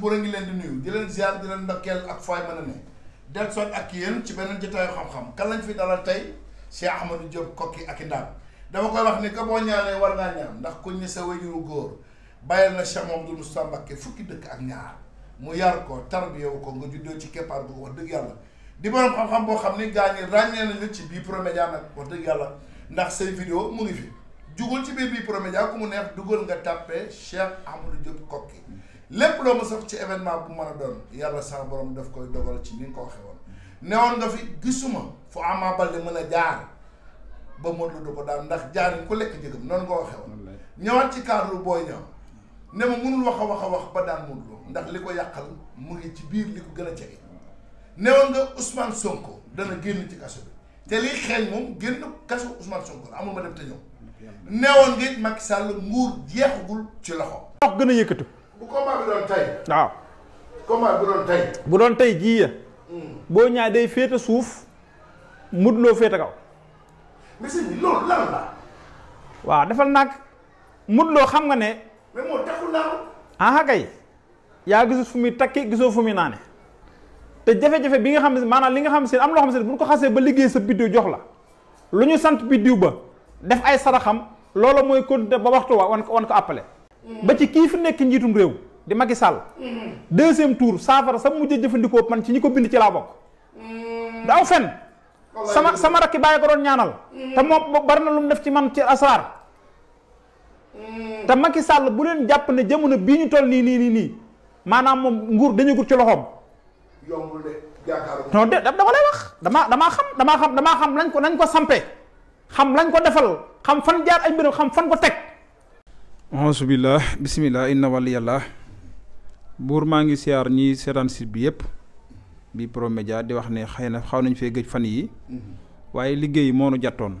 Buur a ngi leen di nuyu di leen ziar di leen ndokkeel ak fooy mën a ne del ak yéen ci beneen jotaayu xam-xam kan lañ fi dalal tey Cheikh Ahmadou Diop Koki ak i ndaam dama koy wax ni que boo ñaanee war ngaa ñaan ndax kuñ ne sa wajuru góor bàyyil na Cheikh Mamadou Moustapha Mbacké fukki dëkk ak ñaar mu yar ko tarbiyewu ko nga juddoo ci keppaar bu wax dëgg yàlla di borom xam-xam boo xam ni gaa ñi ràññee nañu ci bii promédia nag wax dëgg yàlla ndax say vidéo mu ngi fi jugul ci biir bii promédia ku mu neex dugal nga tàppee Cheikh Ahmadou Diop Koki lépp loo ma saf ci événement bu mën a doon yàlla sax borom daf koy dogal ci ni nga ko waxee woon newoon nga fi gisuma fu Ama Baldé mën a jaar ba Modou Lô ko daan ndax jaarin ku lekk jëgëm noonu nga waxee woon ñëwaat ci cadre booy ñëw ne ma mënul wax wax a wax ba daan Modou ndax li ko yàqal mu ci biir gën a jege newoon nga Ousmane Sonko génn ci kaso te xeeñ moom génn kaso Ousmane Sonko ma dem te ñëw newoon nga it Macky Sall nguur jeexagul ci loxo. wax gën a yëkkatu. bu combat bu doon tey. bu doon tey jii ya. Hmm. boo ñaa day féete suuf Modou Lo féete kaw. mais sëñ loolu lan la. waaw defal nag Modou Lo xam nga ne. mais moo taxul laaw. ah kay yaa gisul fu muy takki gisoo fu muy naane. te jafe-jafe bi nga xam ne maanaam li nga xam si am loo xam si bu ñu ko xasee ba liggéey sa biddiw jox la lu ñu sant biddiw ba def ay sara saraxam loola mooy continuer ba waxtu wa wan ko wan ko ba ci kii fi nekk njiitum réew di Macky sàll deuxième tour saafara sama mujj jëfandikoo man ci ñi ko bind ci laa bokk mm. daaw fen sama sama rakki bàyyi ko doon ñaanal mm. te moom bari na lu mu def ci man ci asaar mm. te Macky Sall bu leen jàpp ne jamono bii ñu toll nii nii nii nii maanaam moom nguur dañu gut ci loxoom yombul de jàkkaarloo non de dama lay wax damaa xam damaa xam damaa xam lañ ko lañ ko sampee xam lañ ko defal xam fan jaar ay mbiram xam fan ko teg asubillah bisimillah inna wàll yàlla buur maa ngi siyaar ñi seetaan si bi yëpp bi promédia di wax ne xëy na xaw nañ fee gëj fan yi mm-hmm. waaye liggéey moo nu jàttoon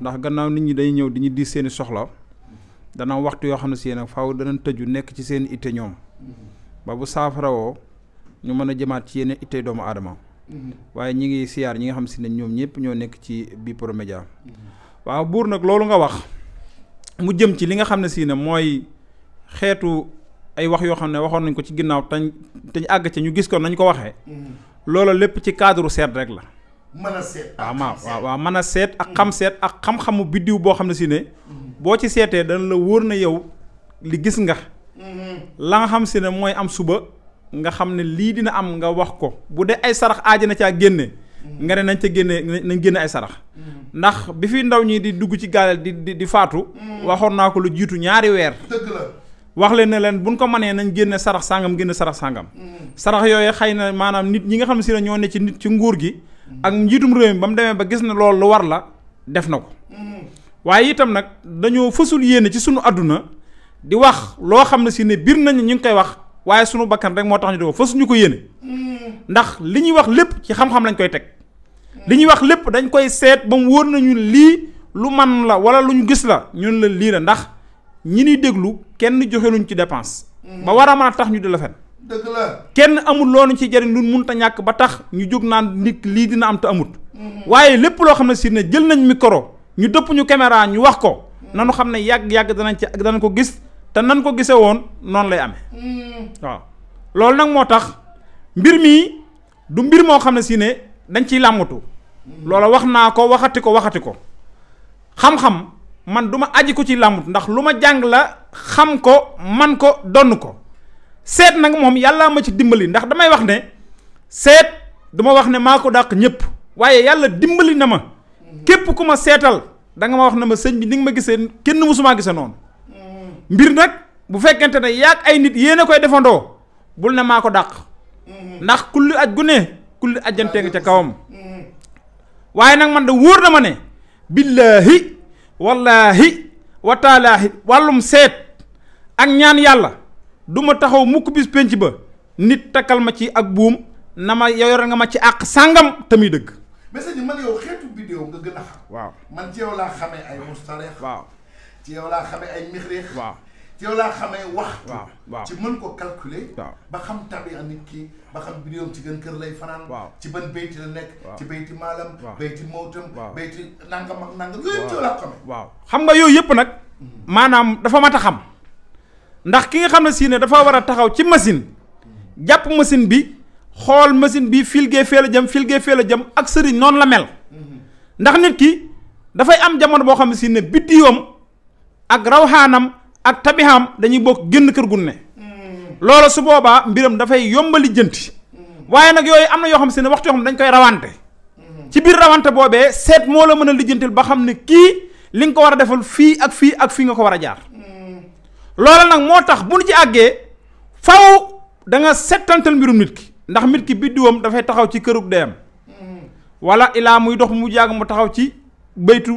ndax gannaaw nit ñi day ñëw di ñu di seeni soxla dana waxtu yoo xam ne si nag faw dana tëju nekk ci seen itte ñoom mm-hmm. ba bu saafarawoo ñu mën a jëmaat ci yeneen itte doomu aadama mm-hmm. waaye ñi ngi siyaar ñi nga xam si ne ñoom ñëpp ñoo nekk ci bi promédia waaw buur nag loolu nga wax mu jëm ci li nga xam ne si ne mooy xeetu ay wax yoo xam ne waxoon nañ ko ci ginnaaw tañ te ñu àgg ca ñu gis ko nañ ko waxee. Mm-hmm. loola lépp ci cadre seet rek la. mën a seet ah, waaw waaw mën a seet ak mm-hmm. xam seet ak xam-xamu biddiw boo xam ne si ne. Mm-hmm. boo ci seetee dana la wóor na yow li gis nga. la nga xam si ne mooy am suba nga xam ne lii dina am nga wax ko bu dee ay sarax aaji na caa génne. nga nañ ca génne nañ ay sarax mm-hmm. ndax bi fi ndaw ñi di dugg ci gaal di di faatu mm-hmm. waxoon naa ko lu jiitu ñaari weer wax leen ne leen buñ ko mënee nañ génne sarax sàngam génne sarax sàngam mm-hmm. sarax yooyu xëy na maanaam nit ñi nga xam si ne ñoo ne ci nit ci nguur gi ak njiitum réew mi ba mu demee ba gis ne lool lu war la def na ko waaye itam nag dañoo fësul yéene ci sunu àdduna di wax loo xam ne si ne biir nañ ñu ngi koy wax waaye sunu bakkan rek moo tax ñu di ko fësuñu ko yéene ndax li ñuy wax lépp ci xam-xam koy teg li ñuy wax lépp dañ koy seet ba mu wóor nañu lii lu man la wala lu ñu gis la ñun la lii la ndax ñi nuy déglu kenn joxe luñ ci dépense. Mm. ba war a mën a tax ñu di la fen dëgg la kenn amul loonu ci jariñ lu munta ñàkk ba tax ñu jóg naan nit lii dina am te amut. waaye lépp loo xam ne si jël nañ micro ñu dëpp ñu caméra ñu wax ko. Mm. nanu xam ne yàgg yàgg danañ ci danañ ko gis te nan ko gisee woon noonu lay ame mm. waaw loolu nag moo tax mbir mii du mbir moo xam ne si ne dañ ciy làmmatu. loola wax naa ko waxati ko waxati ko xam-xam man duma ma aji ko ci làmbut ndax lu ma jàng la xam ko man ko donn ko seet nag moom yàllaa ma ci dimbali ndax damay wax ne seet du wax ne maa ko dàq ñépp waaye yàlla dimbali na ma képp ku ma seetal danga ma wax na ma sëñ bi ni nga ma gisee kenn musumaa gisee noonu mbir nag bu fekkente ne yaag ay nit yéen a koy defandoo bul ne maa ko dàq mm-hmm. ndax kulli aj gu ne kulli ajjante nga ca kawam mm-hmm. waaye nag man de wóor na ma ne billaahi wallaahi wa wàllum seet ak ñaan yàlla du ma taxaw mukk bis pénc ba nit takkal ma ci ak buum na ma yor nga ma ci àq sàngam te muy dëgg. mais sëñ man yow xeetu vidéo nga gën a xam. waaw man ci yow laa xamee ay mustareex. waaw ci yow laa xamee ay mixreex. waaw. ci yow laa xamee waxtu. ci mën ko calculer. ba xam tabiya nit ki ba xam bi ci gën kër lay fanaan. ci ban bayti la nekk. ci bayti maalam. bayti mootam. bayti nangam ak nangam yooyu yëpp ci laa waaw xam nga yooyu yëpp nag. Mm-hmm. maanaam dafa mat a xam. ndax ki nga xam ne si ne dafa war a taxaw ci machine. Mm-hmm. jàpp machine bi xool machine bi filgee fee la jëm filgee fee la jëm ak sëriñ noonu la mel. Mm-hmm. ndax nit ki dafay am jamono boo xam ne si ne biddiyoom ak rawxaanam. ak tabixaam dañuy bokk génn kër gu ne loolu su boobaa mbiram dafay yomba jënti waaye nag yooyu am na yoo xam si ne waxtu yoo xam dañ koy rawante ci biir rawante boobee seet moo la mën a lijjantil ba xam ne kii li nga ko war a defal fii ak fii ak fii nga ko war a jaar loolu nag moo tax bu nu ci àggee faw danga nga settantal mbirum nit ki ndax mit ki biddiwam dafay taxaw ci kërug deyam wala ilaa muy dox mu yàgg mu taxaw ci baytu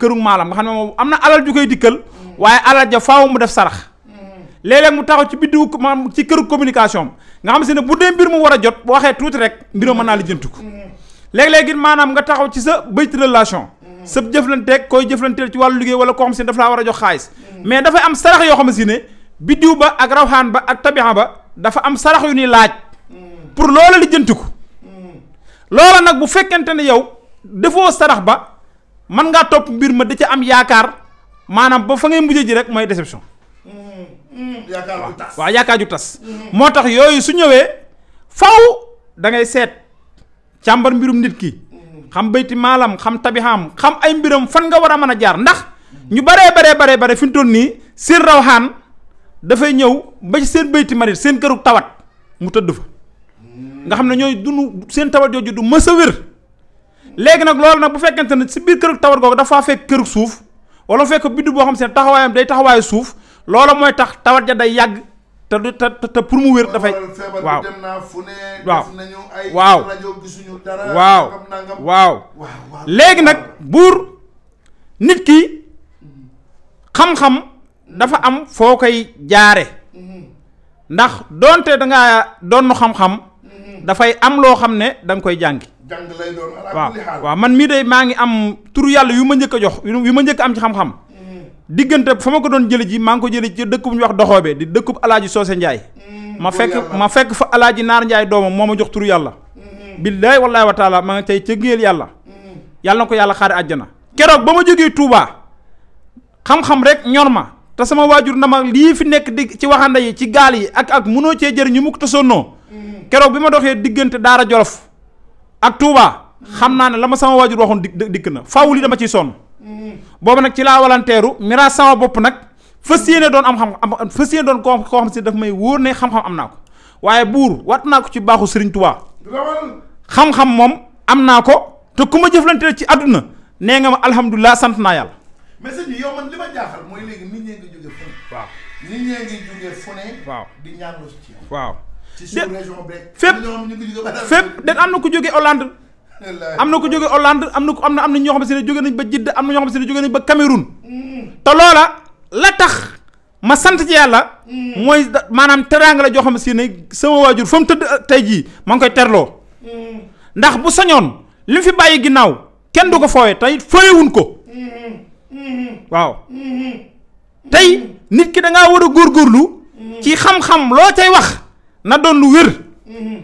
kërug maalam nga xam moom am na alal ju koy dikkal waaye alal ja faaw mu def sarax mm. léeg-léeg mu taxaw ci biddiwu maanaam ci kër communication nga xam si ne bu dee mbir mu war a jot boo waxee tuuti rek mbiram mën naa lijjanti ko mm. léeg maanaam nga taxaw ci sa bëyt relation mm. sa jëflanteek koy jëflanteel ci wàllu liggéey wala koo xam si ne dafa laa war a jox xaalis mais dafay am sarax yoo xam si ne biddiw ba ak rawxaan ba ak tabixa ba dafa am sarax yu nuy laaj pour loola lijjantiku ko loola nag bu fekkente ne yow defoo sarax ba mën ngaa topp mbir ma da ca am yaakaar maanaam ba fa ngay mujjee ji rek mooy déception. yaakaar ju yaakaar ju tas. moo tax yooyu su ñëwee faw dangay seet càmbar mbirum nit ki. xam bayti maalam xam tabixaam xam ay mbiram fan nga war a mën a jaar ndax ñu baree baree baree bare fi mu toll nii seen rawxaan dafay ñëw ba ci seen bayti marit seen këru tawat mu tëdd fa. nga xam ne ñooy dund seen tawat jooju du mës a wér léegi nag loolu nag bu fekkente ne si biir këru tawat googu dafa fekk këru suuf. wala fekk biddu boo xam seen taxawaayam day taxawaayu suuf loola mooy tax tawat ja day yàgg te du te te pour mu wér dafay. waaw waaw waaw waaw waaw léegi nag buur nit ki xam-xam dafa am foo koy jaare mm-hmm. ndax doonte dangaa doon xam-xam. dafay am loo xam ne danga koy jàngi. jàng waaw waaw man mii de maa ngi am turu yàlla yu ma njëkk a jox yu ma njëkk am ci xam-xam. Mm. diggante fa ma ko doon jëlee ji maa ngi ko jëlee ci dëkk bu ñuy wax doxoobe di dëkkub alaaji Soose Njaay mm. ma fekk ma fekk fa alaaji Naar Njaay doomam moo ma jox tur yàlla. Mm-hmm. billaay wallaay wa ma nga tey ca géel yàlla. Mm. yàlla na ko yàlla xaari àjjana. keroog ba ma jógee Touba xam-xam rek ñor ma te sama waajur na ma lii fi nekk di ci waxanda yi ci gaal yi ak munoo cee jëriñu mukk te sonnoo keroog bi ma doxee diggante Daara Jolof ak Touba xam naa ne la ma sama waajur waxoon di dikk na faaw li dama ciy sonn. boobu nag ci laa walanteeru miraas sama bopp nag fas yéene doon am xam-xam fas yéene doon koo xam si daf may wóor ne xam-xam am naa ko waaye buur wat naa ko ci baaxu Serigne Touba. xam-xam moom am naa ko te ku ma jëflante ci àdduna nee nga ma alhamdulilah sant naa yàlla. mais sëñ bi waaw. na fépp fépp den am na ko jóge Hollande am na ko jóge Hollande am na ko am na am na ñoo xam si ne jóge nañ ba Jidda am na ñoo xam si ne jóge nañ ba Cameroun te loola la tax ma sant ci yàlla mooy maanaam teraanga la joo xam si ne sama waajur fa mu tëdd euh, tey jii ma ngi koy terloo ndax bu sañoon li mu fi bàyyi ginnaaw kenn du ko fooye tey fooyewuñ ko waaw tey nit ki da ngaa war a góorgóorlu ci xam-xam loo cay wax na doon lu wér mhm.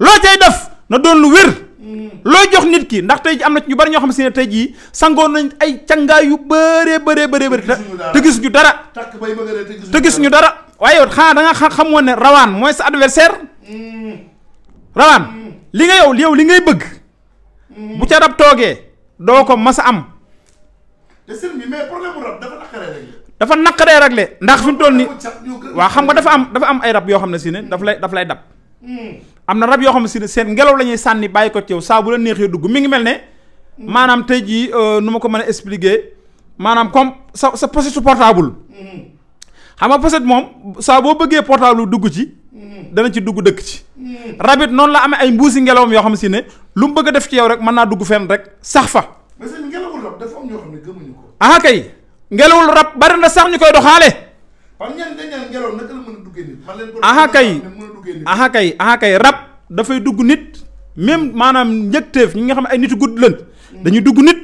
loo cay def na doon lu wér mhm. looy jox nit ki ndax tey am na ñu bari ñoo xam si ne tey jii sangoon nañ ay cangaay yu bëree bëree bëree bëri te gis ñu dara te gis ñu dara waaye yow xanaa da xam xamoon ne rawaan mooy sa adversaire mhm. rawaan li nga yow li ngay bëgg bu ca rab toogee doo ko mas a am te sëñ dafa naqaree réglé ndax fi mu toll nii waaw xam nga dafa am dafa am ay rab yoo xam ne si ne daf lay daf lay dab hmm. am na rab yoo xam ne si ne seen ngelaw la ñuy sànni bàyyi ko ci yow saa la neexee dugg mi ngi mel ne hmm. maanaam tey jii euh, nu ma ko mën a expliquer maanaam comme sa sa su portaabul hmm. xam nga pochette moom saa boo bëggee portable dugg ci dana ci dugg dëkk ci rabit noonu la amee ay mbuusi ngelawam yoo xam si ne lu mu bëgg def ci yow rek mën naa dugg fenn rek sax fa. mais seen ngelawul rab dafa ko. ah ngelawul rab bari na sax ñu koy doxaale. aha kay aha kay aha kay rab dafay dugg nit même maanaam njëgteef ñi nga xam ne ay nitu guddi lan dañuy dugg nit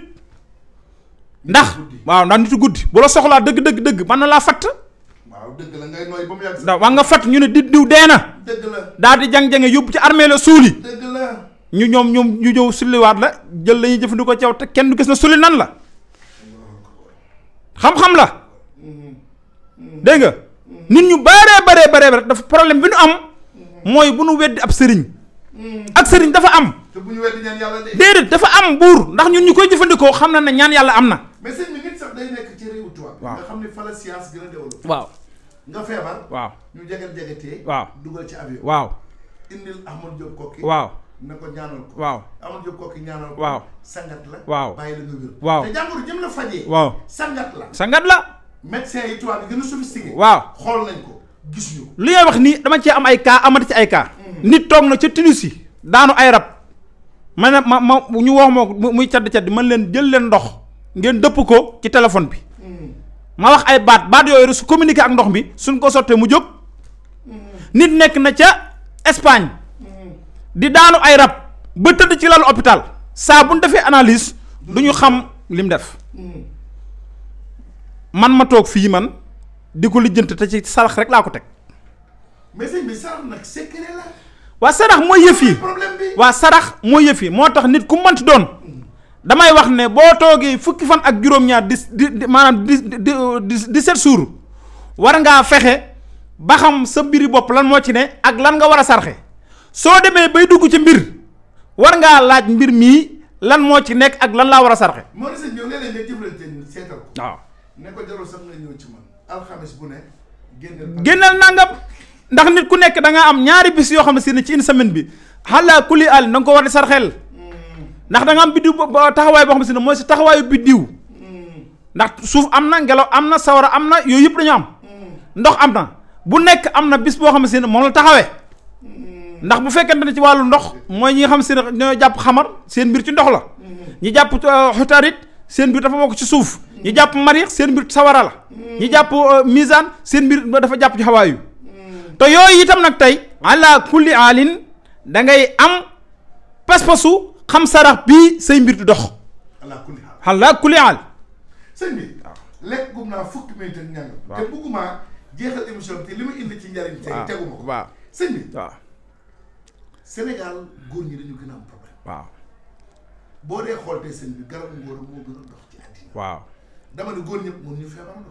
ndax waaw ndax nitu guddi bu la soxlaa dëgg dëgg dëgg mën na laa fatt da waa nga fatt ñu ne di diw dee na daal di jang-jange yóbbu ci armee la suuli ñu ñoom ñoom ñu ñëw sulliwaat la jël lañuy jëfandikoo ci te kenn du gis na suuli nan la xam-xam la dégg nga nit ñu baree baree baree bare dafa problème bi nu am mooy bu nu weddi ab sëriñ ak sëriñ dafa am. te bu ñu weddi ñaan déedéet dafa am buur ndax ñun ñu koy jëfandikoo xam na ne ñaan yàlla am na. mais sëñ bi nit sax waaw xam ne fa la science a développé. waaw waaw ñu jege jegetee. waaw dugal ci avion. waaw. na ko ñaanal ko. waaw waaw sangat waaw waaw te jàngoro jëm la fajee. waaw sangat la. sangat la. médecin waaw xool nañ ko gis li ngay wax nii dama cee am ay kaa amati ci ay kaa hmm. nit toog na ca Tunisie daanu ay rab. ma ne ma ma ñu wax ma muy cadd cadd man leen jël leen ndox ngeen dëpp ko ci téléphone bi. Hmm. ma wax ay baat baat yooyu su communiqué ak ndox bi suñ ko sottee mu jóg. Hmm. nit nekk na ca Espagne. di daanu ay rab ba tëdd ci lalu hôpital saabu bu ñu defee analyse du ñu xam lim def man ma toog fii man di ko lijjanti te ci sarax rek laa ko teg. mais sëñ waa sarax mooy yëf yi waa sarax mooy yëf yi moo tax nit ku mënti doon damay wax ne boo toogee fukki fan ak juróom-ñaar di di maanaam di di di sept jours war ngaa fexe ba xam sa mbiri bopp lan moo ci ne ak lan nga war a sarxe soo demee bay dugg ci mbir war ngaa laaj mbir mii lan moo ci nekk ak lan laa war a sarxe. moo des it ñëw nee nañ nga jëflante seetal ko. waaw nga ñëw ci génneel nangam ndax nit ku nekk da nga am ñaari bis yoo xam ne si ne ci une semaine bi xalaa kuli àll na nga ko war di hmm. ndax da am biddiw taxawaay boo xam si ne moo si taxawaayu biddiw hmm. ndax suuf am na ngelaw am na sawara am na yooyu yëpp dañu am hmm. ndox am na bu nekk am na bis boo xam ne si ne moom la taxawee ndax bu fekkente ne ci wàllu ndox mooy ñi nga xam seen ñoo jàpp xamar seen mbir ci ndox la ñi jàpp euh, xutaarit seen mbir dafa bokk ci suuf ñi jàpp mariix seen mbir sawara la ñi jàpp euh, misaan seen mbir dafa jàpp ci xawaayu te yooyu itam nag tey ala kulli alin da ngay am pas-pasu xam sarax bii say mbir di dox ala kulli al sëñ bi lekk gum naa fukki minute ak ñàng te bëgguma jeexal émission bi te li ma indi ci njariñ tey teguma ko waaw sëñ bi Sénégal góor ñi dañu gën a am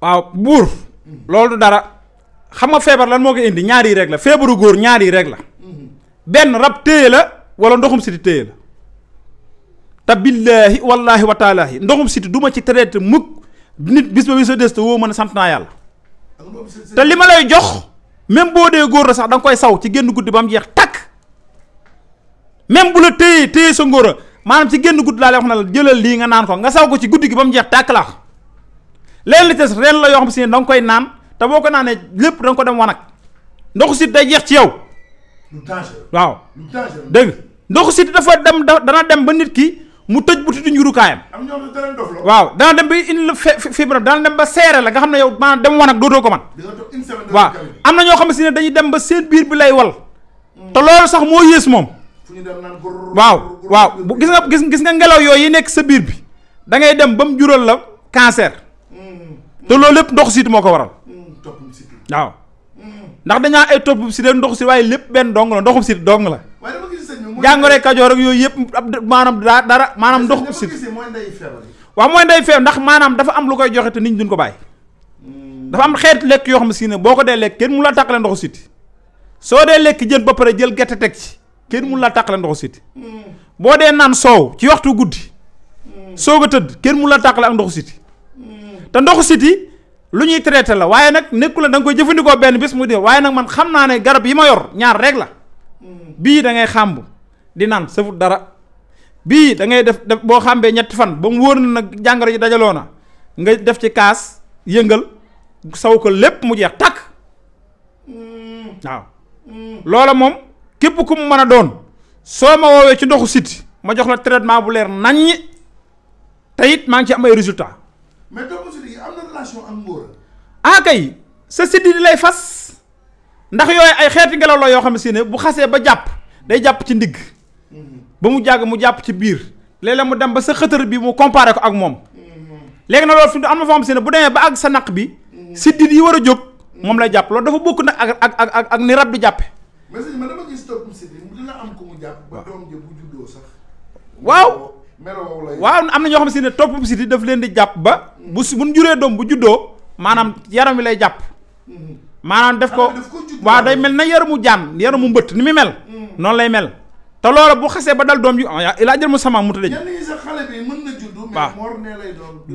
waaw buur. Mm-hmm. loolu dara xam nga feebar lan moo ko indi ñaar rek la feebaru góor ñaar rek la. Mm-hmm. benn rab téye la wala ndoxum siti téye la. te billaahi wallaahi wa taalaahi ndoxum siti du ma ci traité mukk nit bis ba bi sa des te woo ma ne sant naa yàlla. te li ma lay jox. même boo dee góor la sax da koy saw ci génn guddi ba mu jeex takk même bu la téye téye sa ngóor a maanaam ci génn guddi laa lay wax na la jëlal lii nga naan ko nga saw ko ci guddi gi ba mu jeex tàkk la leen li tes reen la yoo xam si ne da koy naan te boo ko naanee lépp da ko dem wanag ndoxu sit day jeex ci yow. waaw dégg ndoxu sit dafa dem dana dem ba nit ki. mu tëj butitu njurukaayam waaw dana dem ba indi la fibrome dana dem ba seere la nga xam ne yow maanaam dem wan ak dootoo ko man waaw am na ñoo xam si ne dañuy dem ba seen biir bi lay wal te sax moo yées moom waaw waaw gis nga gis gis nga ngelaw yooyu yi nekk sa biir bi dangay ngay dem ba mu jural la cancer mm-hmm. te lépp ndox siit moo ko waral mm-hmm. waaw mm-hmm. ndax dañaa ay topp si de ndox si waaye lépp benn dong la ndoxu siit dong la jàngoro kajoor ak yooyu yëpp ab maanaam daa dara maanaam ndox mu sit waaw mooy ndey feebar ndax maanaam dafa am lu koy joxe te nit ñu duñ ko bàyyi hmm. dafa am xeet lekk yoo xam si ne boo ko dee lekk kenn mu la tàqale ndoxu siti soo dee lekk jën ba pare jël gerte teg ci kenn mu la tàqale ndoxu siti hmm. boo dee naan soow ci waxtu guddi hmm. soo ko tëdd kenn mu la tàqale ak ndoxu siti te ndoxu siti lu ñuy traité la waaye nag nekku la da nga koy jëfandikoo benn bis mu dee waaye nag man xam naa garab yi ma yor ñaar rek la bii da xàmb di naan safut dara bii da ngay def def boo xàmbee ñetti fan ba mu wóor na nag jàngoro ji dajaloo na nga def ci kaas yëngal saw ko lépp mu jeex tàkk mm. waaw mm. loola moom képp ku mu mën a doon soo ma woowee ci ndoxu sit ma jox la traitement bu leer nañ ñi it maa ngi ci am ay résultat mais ak ngóor ah kay sa siddi di lay fas ndax yooyu ay xeeti ngelaw la yoo xam ne si ne bu xasee ba jàpp day jàpp ci ndigg ba mu jàgg mu jàpp ci biir léeg-léeg mu dem ba sa xëtër bi mu comparé ko ak moom léegi na loolu fi am na foo xam si ne bu demee ba ak sa naq bi siddit yi war a jóg moom lay jàpp loolu dafa bokk nag ak ak ak ak ni rab di jàppe man ko mu jàpp ba doom ji bu waaw am na ñoo xam si ne topp di daf leen di jàpp ba bu si buñ juree doom bu juddoo maanaam yaram wi lay jàpp mhm. maanaam def ko waa day mel na yaramu jaan mu mbëtt ni mu mel mhm. noonu lay mel te loola bu xasee ba dal doom ji ah a jël mu sama mu tëddee. yenn yi sa xale bi mën na juddu. mais mor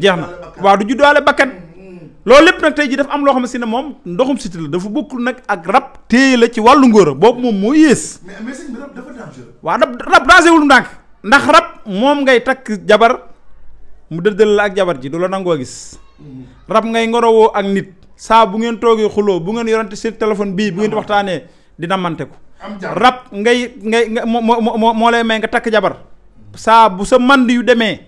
jeex na waa du juddaale bakkan. Mm, mm. loolu lépp nag tey ji dafa am loo xam si ne moom ndoxum siti la dafa bokk nag ak rab. téye la ci wàllu ngoro boobu moom moo yées. waa mais sëñ rab dafa dangereux. wul ndànk ndax rab moom ngay takk jabar mu dëddal la ak jabar ji du la nangoo gis. Mm. rab ngay ngorowoo ak nit saa bu ngeen toogee xuloo bu ngeen yorante seen téléphone bii bu ngeen waxtaanee dina mante ko rab ngay ngay moo moo moo lay may nga takk jabar saa bu sa mand yu demee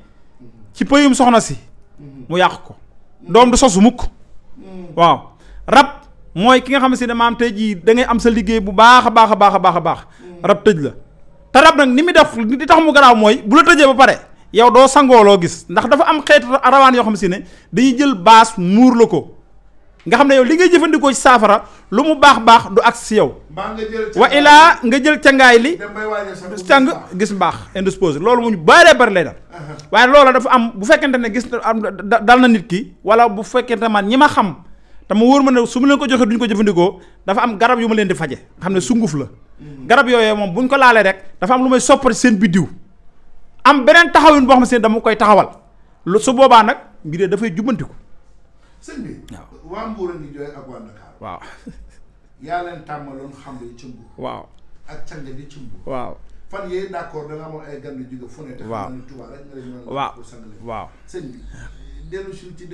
ci pëyum soxna si mhm. mu yàq ko doom du sosu mukk mhm. waaw rab mooy ki nga xam si ne maam tey jii da ngay am sa liggéey bu baax a baax a baax a baax a baax mhm. rab tëj la te rab nag ni mu def li tax mu garaaw mooy bu la tëjee ba pare yow doo sangooloo gis ndax dafa am xeetu rawaan yoo xam si ne dañuy jël baas muur la ko nga xam ne yow li ngay jëfandikoo ci saafara lu mu baax baax du agsi si yow. wa ilaa nga jël cangaay li. càng gis mbaax indisposé loolu mu ñu bëree bëri lay dal. Uh-huh. waaye loola dafa am bu fekkente ne gis da dal na nit ki wala bu fekkente man ñi ma xam te ma wóor ma ne su ma leen ko joxee duñ ko jëfandikoo dafa am garab yu ma leen di faje nga xam ne sunguf la. Mm-hmm. garab yooyu moom bu buñ ko laalee rek dafa am lu may soppati seen biddiw am beneen taxawin boo xam seen dama koy taxawal su boobaa nag mbir dafay jubbantiku sëñ bi. waaw waaw. xam li waaw waaw waaw a. bi dellu si ci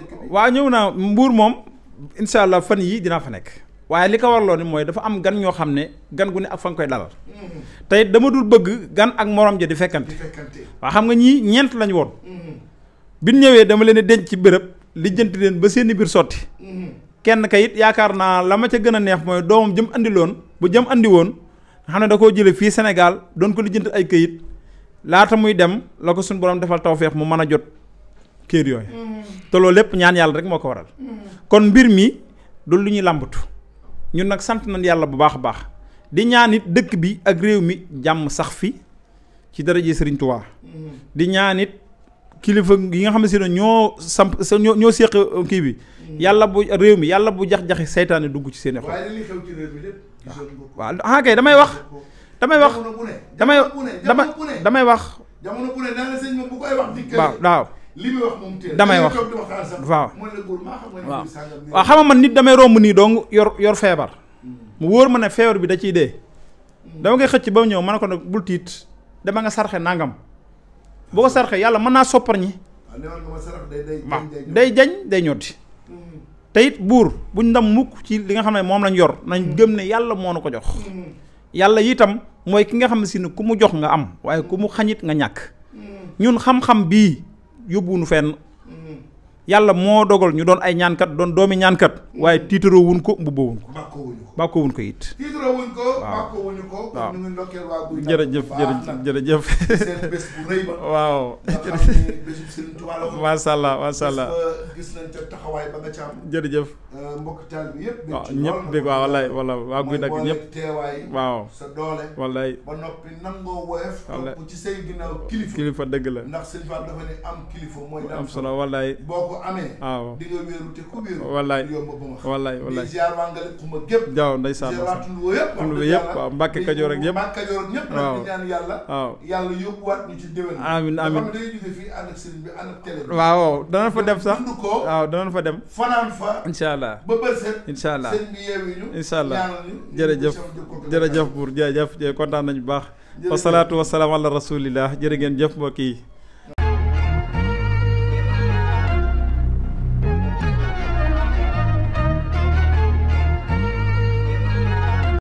ñëw naa Mbour moom incha fan yii dinaa fa nekk. waaye li ko waraloon mooy dafa am gan ñoo xam ne gan gu ne ak fan koy dalal. Mm-hmm. te dama dul bëgg gan ak moroom ja di fekkante. di xam nga ñii ñeent lañu woon. Mm-hmm. bi ñëwee dama leen denc ci bërëb lijjanti leen ba seen biir sotti kenn ka it yaakaar naa la ma ca gën a neex mooy doomam jëm andi loon bu jëm indi woon xam ne da koo jële fii Sénégal doon ko lijjanti ay kayit laata muy dem la ko suñu borom defal tawfeex mu mën a jot kër yooyu mm-hmm. te loolu lépp ñaan yàlla rek moo ko waral mm-hmm. kon mbir mi du lu ñuy làmbatu ñun nag sant na yàlla bu baax a baax di ñaan it dëkk bi ak réew mi jàmm sax fi ci daraje Sëriñ Tuubaa mm-hmm. di ñaan it kilifa yi nga xam ne si ne ñoo samp ñoo ñoo seq uh, kii bi mm. yàlla bu réew mi yàlla bu jax-jaxi seytaane dugg ci seen i xol waaw ah kay damay wax damay wax damay damay damay waaw waaw waaw waaw xam nga man nit damay romb nii dong yor yor feebar mm. mu wóor ma ne feebar bi da ciy dee mm. dama koy xëcc ba mu ñëw ma ne ko nag bul tiit dama nga sarxe nangam boo ko saraxee yàlla mën naa soppar ñi waaw day jañ day ñotti hmm. te it buur buñ ndam mukk ci li nga xam ne moom lañ yor nañ hmm. gëm ne yàlla moo nu ko jox hmm. yàlla itam mooy ki nga xam ne si ne ku mu jox nga am waaye ku mu xañit nga ñàkk ñun xam-xam bii yóbbuwunu fenn yàlla moo dogal ñu doon ay ñaankat doon doomi ñaankat waaye mm. tiitaroo wuñ ko mbubboo wuñ ko bàkkoo wuñ ko it tiitaroo wuñ ko bàkkoo wuñ ko waaw jërëjëf jërëjëf waaw bésub Serigne gis nañ jërëjëf euh, mbokk taal bi yëpp waaw ñëpp dégg waaw wallaay waaw sa ci say ginnaaw kilifa dëgg la ndax am solo wallaay ko amee waaw di nga wéeru te ku wallaay wallaay wallaay ziar waa Ngale xuma gépp jaaw ndeysaan ziar tund yëpp tund yëpp waaw Kajoor ak yëpp Mbàkke Kajoor ak ñëpp waaw yàlla yóbbuwaat fa dem sax dund ko waaw danañ fa dem fanaan fa incha allah ba bërset incha allah sëriñ bi yeewi kontaan nañu baax wasalaatu wasalaam ala rasulillah jërë ngeen jëf mbokk yi